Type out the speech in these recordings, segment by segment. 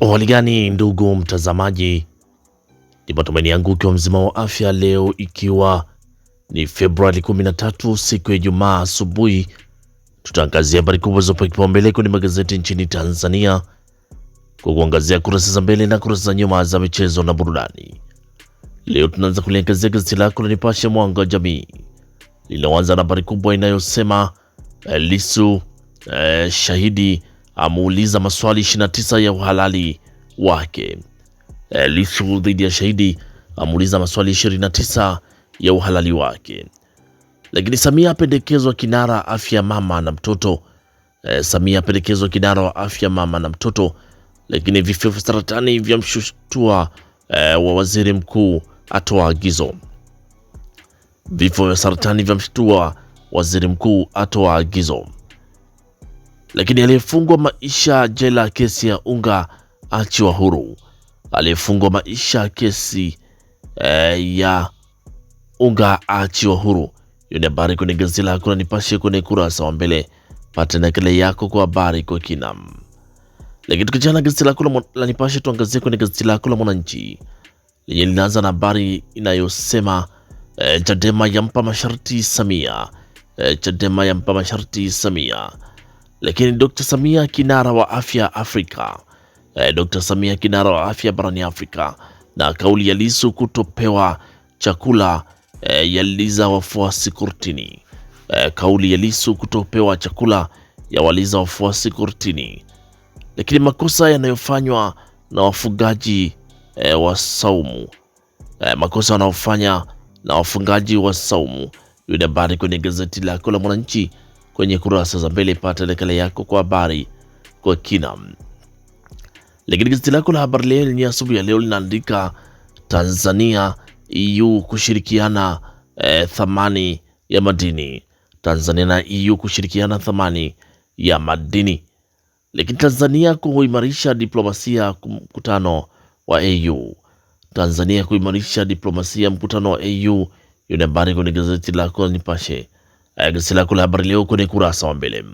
Hali gani ndugu mtazamaji, ni matumaini yangu ukiwa mzima wa afya leo, ikiwa ni Februari 13 siku ya Ijumaa asubuhi, tutaangazia habari kubwa zopa kipaumbele kwenye magazeti nchini Tanzania kwa kuangazia kurasa za mbele na kurasa za nyuma za michezo na burudani. Leo tunaanza kuliangazia gazeti lako la Nipashe Mwanga wa Jamii linaoanza na habari kubwa inayosema eh, Lisu eh, shahidi ameuliza maswali 29 ya uhalali wake. Lissu dhidi ya shahidi ameuliza maswali 29 ya uhalali wake. Lakini Samia apendekezwa kinara afya mama na mtoto. E, Samia apendekezwa kinara wa afya mama na mtoto. Lakini vifo vya saratani vya mshutua e, wa waziri mkuu atoa agizo. Vifo vya saratani vya mshutua waziri mkuu atoa agizo lakini aliyefungwa maisha jela kesi ya unga achiwa huru. Aliyefungwa maisha kesi e, ya unga achiwa huru. Hiyo ni habari kwenye gazeti lako la Nipashe kwenye kurasa wa mbele, pata nakala yako kwa habari kwa kina. Lakini tukiachana na gazeti lako la Nipashe, tuangazie kwenye gazeti lako la Mwananchi lenye linaanza na habari inayosema e, Chadema yampa masharti Samia. E, Chadema yampa masharti Samia lakini Dr. Samia kinara wa afya Afrika, E, eh, Dr. Samia kinara wa afya barani Afrika na kauli ya lisu kutopewa chakula eh, yaliza wafuasi kurtini. E, eh, kauli ya Lisu kutopewa chakula waliza wafuasi kurtini. Lakini makosa yanayofanywa na wafugaji e, wa saumu e, makosa wanaofanya na wafugaji wa saumu. yule habari kwenye gazeti lako la Mwananchi kwenye kurasa za mbele. Pata nakala yako kwa habari kwa kina. Lakini gazeti lako la Habari Leo lenye asubuhi ya leo linaandika Tanzania EU kushirikiana eh, thamani ya madini. Tanzania na EU kushirikiana thamani ya madini. Lakini Tanzania kuimarisha diplomasia mkutano wa AU. E Tanzania kuimarisha diplomasia mkutano wa AU. E Hiyo habari kwenye gazeti lako Nipashe. Eh, gazeti lako la habari leo kwenye kurasa wa mbele.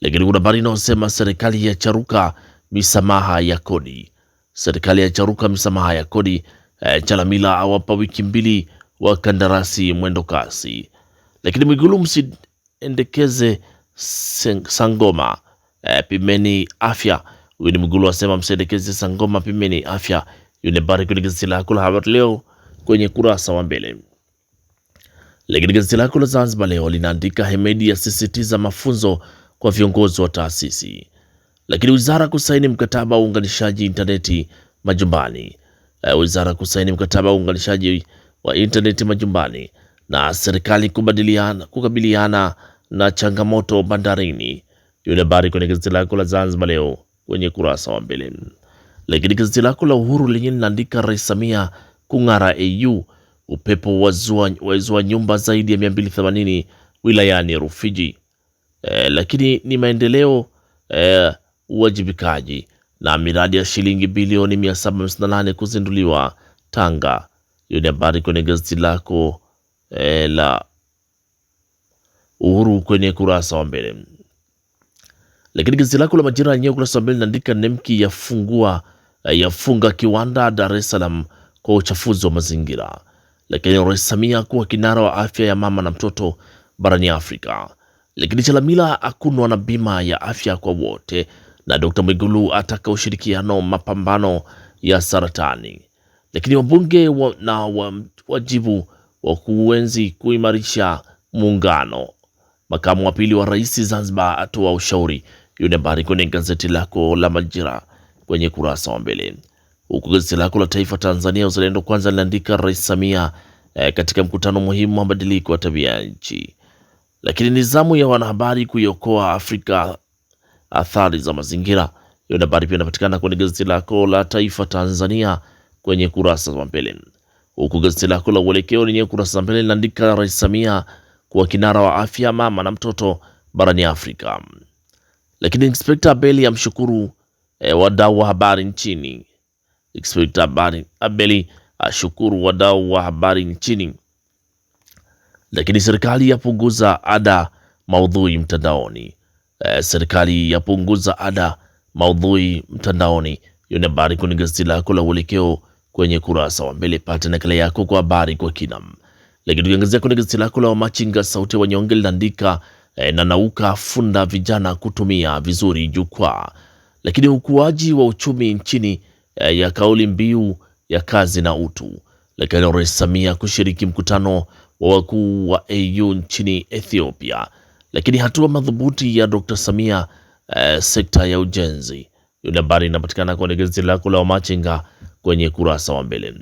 Lakini kuna habari inayosema serikali ya charuka misamaha ya kodi, serikali ya charuka misamaha ya kodi. E, Chalamila awapa wiki mbili wa kandarasi mwendo kasi. Lakini Mwigulu msiendekeze sangoma e, pimeni afya. Huyu ni Mwigulu asema msiendekeze sangoma, pimeni afya. Hiyo ni kwenye gazeti lako la habari leo kwenye kurasa wa mbele. Lakini gazeti lako la Zanzibar Leo linaandika Hemedi yasisitiza mafunzo kwa viongozi wa taasisi, lakini wizara kusaini mkataba wa uunganishaji intaneti majumbani. Eh, wizara kusaini mkataba wa uunganishaji wa intaneti majumbani, na serikali kubadiliana kukabiliana na changamoto bandarini. Hiyo ni habari kwenye gazeti lako la Zanzibar Leo kwenye kurasa wa mbele. Lakini gazeti lako la Uhuru lenye linaandika Rais Samia kung'ara, au Upepo wazua nyumba zaidi ya 280 wilayani Rufiji. E, lakini ni maendeleo e, uwajibikaji na miradi ya shilingi bilioni 758 kuzinduliwa Tanga. Hiyo ni habari kwenye gazeti lako e, la Uhuru kwenye kurasa wa mbele. Lakini gazeti lako la Majira lenyewe kurasa wa mbele linaandika Nemki yafungua yafunga kiwanda Dar es Salaam kwa uchafuzi wa mazingira lakini Rais Samia kuwa kinara wa afya ya mama na mtoto barani Afrika. Lakini Chalamila akunwa na bima ya afya kwa wote, na Dr. Mwigulu ataka ushirikiano mapambano ya saratani. Lakini wabunge wa, na wa, wajibu wa kuenzi kuimarisha muungano. Makamu wa pili wa rais Zanzibar atoa ushauri. Hiyo ni habari kwenye gazeti lako la Majira kwenye kurasa wa mbele huku gazeti lako la Taifa Tanzania Uzalendo Kwanza linaandika Rais Samia eh, katika mkutano muhimu wa mabadiliko ya tabia ya nchi, lakini ni zamu ya wanahabari kuiokoa Afrika athari za mazingira. Hiyo habari pia inapatikana kwenye gazeti lako la Taifa Tanzania kwenye kurasa za mbele, huku gazeti lako la Uelekeo lenye kurasa za mbele linaandika Rais Samia kuwa kinara wa afya mama na mtoto barani Afrika, lakini Inspekta Beli amshukuru e, wadau wa habari nchini Inspekta habari Abeli ashukuru uh, wadau wa habari nchini. Lakini serikali yapunguza ada maudhui mtandaoni. E, serikali yapunguza ada maudhui mtandaoni. Hiyo ni habari kwenye gazeti lako la Uelekeo kwenye kurasa wa mbele. Pata nakala yako kwa habari kwa kina. Lakini tukiangazia kwenye gazeti lako la Wamachinga Sauti ya Wanyonge linaandika e, na nauka funda vijana kutumia vizuri jukwaa. Lakini ukuaji wa uchumi nchini Eh, ya kauli mbiu ya kazi na utu. Lakini Rais Samia kushiriki mkutano wa wakuu wa AU nchini Ethiopia. Lakini hatua madhubuti ya Dr. Samia eh, sekta ya ujenzi. Yule habari inapatikana kwenye gazeti lako la Wamachinga kwenye kurasa wa mbele.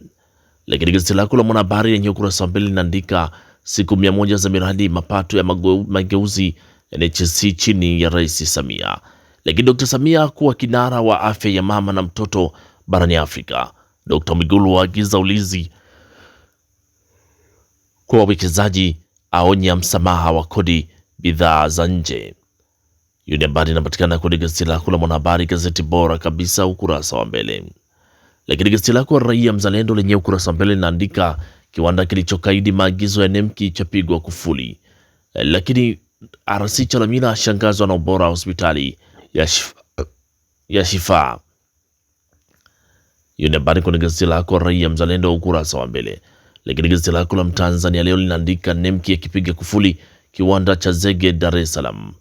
Lakini gazeti lako la Mwanahabari yenye ukurasa wa mbele linaandika siku mia moja za miradi mapato ya mageuzi NHC chini ya Rais Samia. Lakini Dr. Samia kuwa kinara wa afya ya mama na mtoto barani Afrika. Dr. Mwigulu waagiza ulinzi kwa wawekezaji, aonya msamaha wa kodi bidhaa za nje. Hiyo ni habari inapatikana kwenye gazeti lako la Mwanahabari, gazeti bora kabisa, ukurasa wa mbele. Lakini gazeti lako Raia Mzalendo lenye ukurasa wa mbele linaandika kiwanda kilichokaidi maagizo ya NEMKI chapigwa kufuli, lakini RC Chalamila ashangazwa na ubora wa hospitali ya Shifaa. Hiyo ni habari kwenye gazeti lako Raia Mzalendo ukurasa wa mbele. Lakini gazeti lako la Mtanzania leo linaandika Nemki akipiga kufuli kiwanda cha zege Dar es Salaam.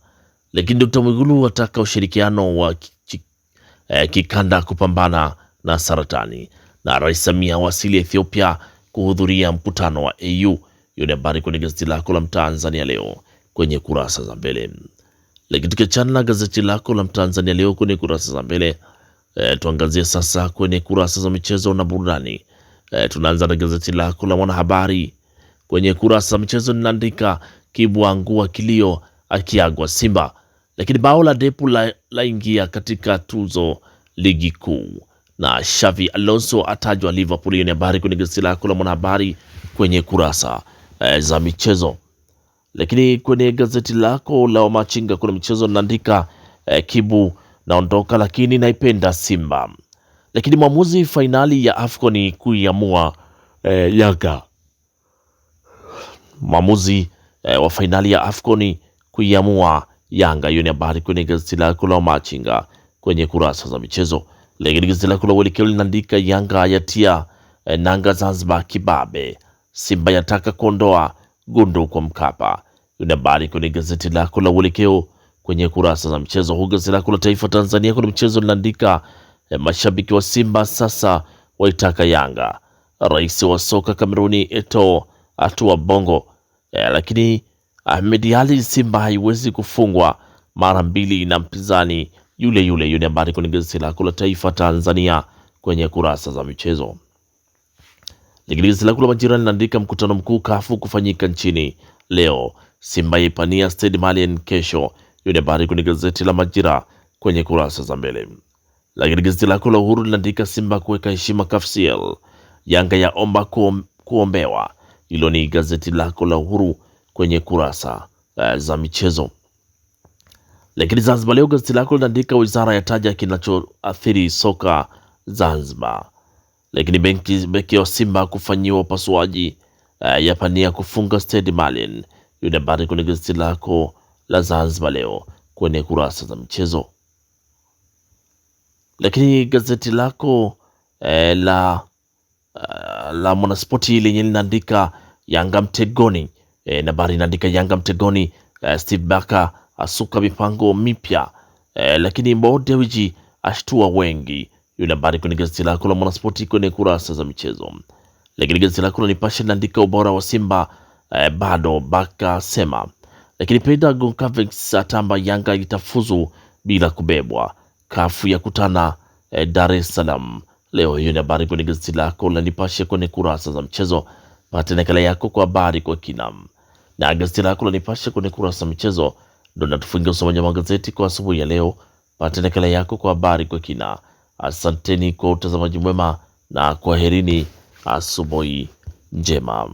Lakini Dr. Mwigulu ataka ushirikiano wa eh, kikanda kupambana na saratani, na Rais Samia wasili Ethiopia kuhudhuria mkutano wa AU. Hiyo ni habari kwenye gazeti lako la Mtanzania leo kwenye kurasa za mbele. Lakini tukiachana na gazeti lako la Mtanzania leo kwenye kurasa za mbele E, tuangazie sasa kwenye kurasa za michezo na burudani. E, tunaanza na gazeti lako la Mwanahabari kwenye kurasa za michezo linaandika Kibu angua kilio akiagwa Simba, lakini bao la Depu la, la katika tuzo ligi kuu na Xavi Alonso atajwa Liverpool. Hiyo ni habari kwenye gazeti lako la Mwanahabari kwenye kurasa e, za michezo. Lakini kwenye gazeti lako la Wamachinga kuna michezo linaandika e, Kibu naondoka, lakini naipenda Simba. Lakini mwamuzi fainali ya AFCON ni kuiamua e, Yanga. Mwamuzi e, wa fainali ya AFCON ni kuiamua Yanga. Hiyo ni habari kwenye gazeti lako la Machinga kwenye kurasa za michezo. Lakini gazeti lako la Uelekeo linaandika Yanga yatia e, nanga Zanzibar kibabe, Simba yataka kuondoa gundu kwa Mkapa. Hiyo ni habari kwenye gazeti lako la Uelekeo kwenye kurasa za mchezo. huu. gazeti lako la Taifa Tanzania kuna mchezo linaandika eh, mashabiki wa Simba sasa waitaka Yanga, rais wa soka Kameruni Eto atua Bongo e, lakini Ahmed Ali, Simba haiwezi kufungwa mara mbili na mpinzani yule yule. Hiyo ni habari kwenye gazeti lako la Taifa Tanzania kwenye kurasa za michezo. Gazeti lako la Majira linaandika mkutano mkuu kafu kufanyika nchini leo, Simba yaipania Stade Malien kesho hiyo ni habari kwenye gazeti la Majira kwenye kurasa za mbele. Lakini gazeti lako la Uhuru linaandika Simba kuweka heshima CAFCL, Yanga ya omba kuom, kuombewa. Hilo ni gazeti lako la Uhuru kwenye kurasa uh, za michezo. Lakini Zanzibar Leo gazeti lako linaandika wizara ya taja kinachoathiri soka Zanzibar. Lakini benki beki wa Simba kufanyiwa upasuaji uh, yapania kufunga Stade Malien. Hiyo habari kwenye gazeti lako la Zanzibar Leo kwenye kurasa za michezo. Lakini gazeti lako eh, la, uh, la Mwanaspoti lenye linaandika Yanga mtegoni e, eh, na bari inaandika Yanga mtegoni eh, Steve Baka asuka mipango mipya e, lakini Mo Dewji ashtua wengi. Hiyo ni habari kwenye gazeti lako la Mwanaspoti kwenye kurasa za michezo. Lakini gazeti lako la Nipashe linaandika ubora wa Simba eh, bado Baka sema lakini Pedago Cavex atamba Yanga itafuzu bila kubebwa. Kafu ya kutana eh, Dar es Salaam leo. Hiyo ni habari kwenye gazeti lako la Nipashe kwenye kurasa za mchezo. Pata nakala yako kwa habari kwa kina, na gazeti lako la Nipashe kwenye kurasa za michezo ndo natufungia usomaji wa magazeti kwa asubuhi ya leo. Pata nakala yako kwa habari kwa kina. Asanteni kwa utazamaji mwema na kwaherini, asubuhi njema.